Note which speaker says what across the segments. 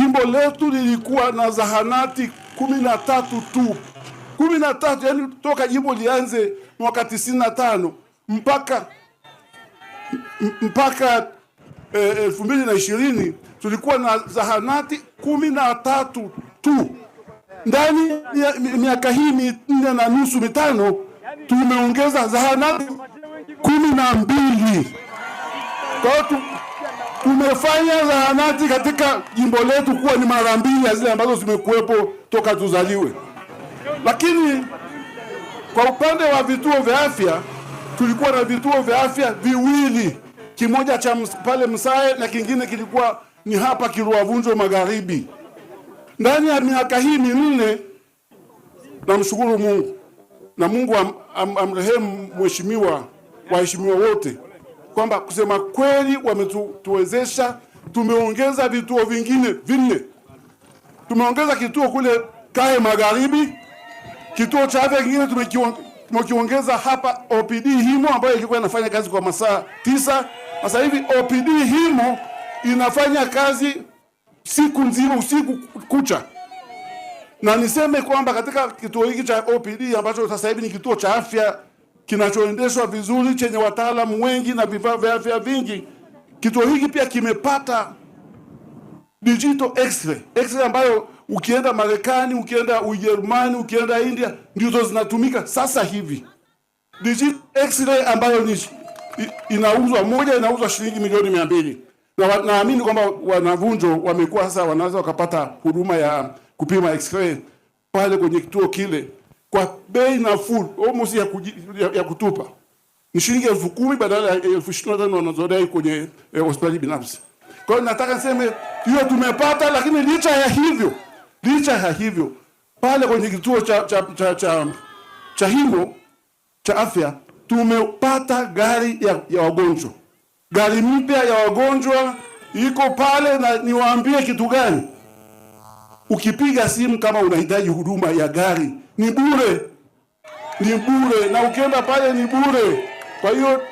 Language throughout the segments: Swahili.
Speaker 1: Jimbo letu lilikuwa na zahanati kumi na tatu tu, kumi na tatu yani toka jimbo lianze mwaka tisini na tano mpaka mpaka eh, elfu mbili na ishirini tulikuwa na zahanati kumi na tatu tu. Ndani ya miaka hii minne na nusu mitano tumeongeza zahanati kumi na mbili kwa Tumefanya zahanati katika jimbo letu kuwa ni mara mbili ya zile ambazo zimekuwepo toka tuzaliwe, lakini kwa upande wa vituo vya afya tulikuwa na vituo vya afya viwili, kimoja cha pale Msae na kingine kilikuwa ni hapa Kiruavunjo Magharibi. Ndani ya miaka hii minne, namshukuru Mungu na Mungu am, am, amrehemu mheshimiwa, waheshimiwa wote kwamba kusema kweli wametuwezesha. Tumeongeza vituo vingine vinne, tumeongeza kituo kule Kae Magharibi, kituo cha afya kingine tumekiongeza hapa OPD Himo ambayo ilikuwa inafanya kazi kwa masaa tisa. Sasa hivi OPD Himo inafanya kazi siku nzima, usiku kucha. Na niseme kwamba katika kituo hiki cha OPD ambacho sasa hivi ni kituo cha afya kinachoendeshwa vizuri chenye wataalamu wengi na vifaa vya afya vingi. Kituo hiki pia kimepata digital x-ray, x-ray ambayo ukienda Marekani, ukienda Ujerumani, ukienda India ndizo zinatumika sasa hivi. Digital x-ray ambayo ni inauzwa moja inauzwa shilingi milioni mia mbili na naamini kwamba wanavunjo wamekuwa sasa wanaweza wakapata huduma ya kupima x-ray pale kwenye kituo kile kwa bei nafuu almost ya, ya, ya kutupa ni shilingi elfu kumi badala ya elfu ishirini na tano wanazodai kwenye eh, hospitali eh, binafsi. Kwa hiyo nataka niseme hiyo tumepata, lakini licha ya hivyo, licha ya hivyo pale kwenye kituo cha cha cha, cha, cha himo cha afya tumepata gari ya, ya wagonjwa, gari mpya ya wagonjwa iko pale, na niwaambie kitu gani Ukipiga simu kama unahitaji huduma ya gari ni bure, ni bure, na ukienda pale ni bure. Kwa hiyo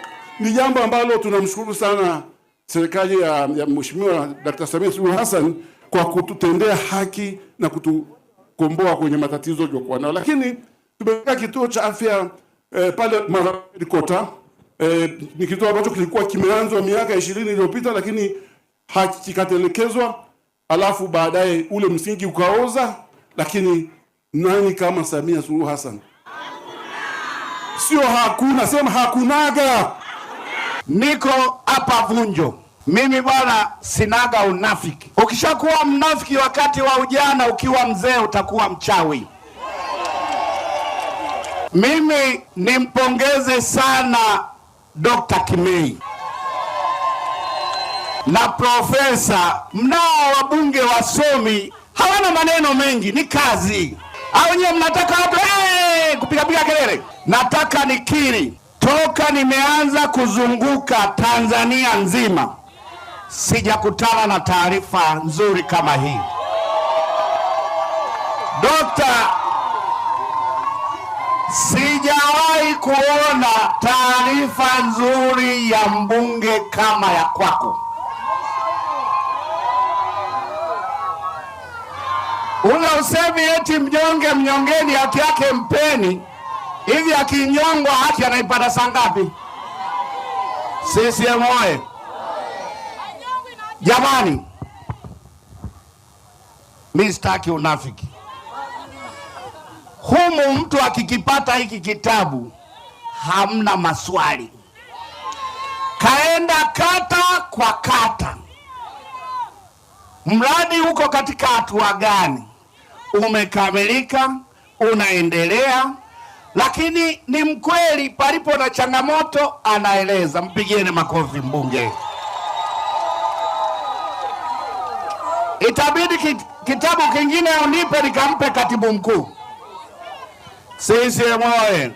Speaker 1: ni jambo ambalo tunamshukuru sana serikali ya, ya Mheshimiwa Dkt. Samia Suluhu Hassan kwa kututendea haki na kutukomboa kwenye matatizo tuliokuwa nayo, lakini tumeweka kituo cha afya eh, pale Marakodi Kota eh, ni kituo ambacho kilikuwa kimeanzwa miaka ishirini iliyopita lakini hakikatelekezwa alafu baadaye ule msingi ukaoza. Lakini nani kama Samia Suluhu Hassan?
Speaker 2: Sio hakuna, sema hakunaga. Niko hapa Vunjo. Mimi bwana, sinaga unafiki. Ukishakuwa mnafiki wakati wa ujana, ukiwa mzee utakuwa mchawi. Mimi nimpongeze sana Dr. Kimei na profesa, mnao wabunge wasomi, hawana maneno mengi, ni kazi. Au nyewe mnataka watu hey, kupigapiga kelele? Nataka nikiri, toka nimeanza kuzunguka Tanzania nzima sijakutana na taarifa nzuri kama hii. Dokta, sijawahi kuona taarifa nzuri ya mbunge kama ya kwako. Ula usemi eti mnyonge mnyongeni, haki yake mpeni. Hivi akinyongwa haki anaipata saa ngapi? CCM oye! Jamani, mi sitaki unafiki humu. Mtu akikipata hiki kitabu, hamna maswali. Kaenda kata kwa kata, mradi huko katika hatua gani? umekamilika, unaendelea, lakini ni mkweli, palipo na changamoto anaeleza. Mpigieni makofi mbunge. Itabidi kitabu kingine unipe nikampe katibu mkuu. CCM oye!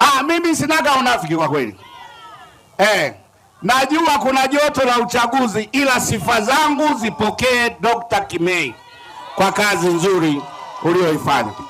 Speaker 2: Ah, mimi sinaga unafiki kwa kweli eh. Najua kuna joto la uchaguzi, ila sifa zangu zipokee Dr. Kimei kwa kazi nzuri uliyoifanya.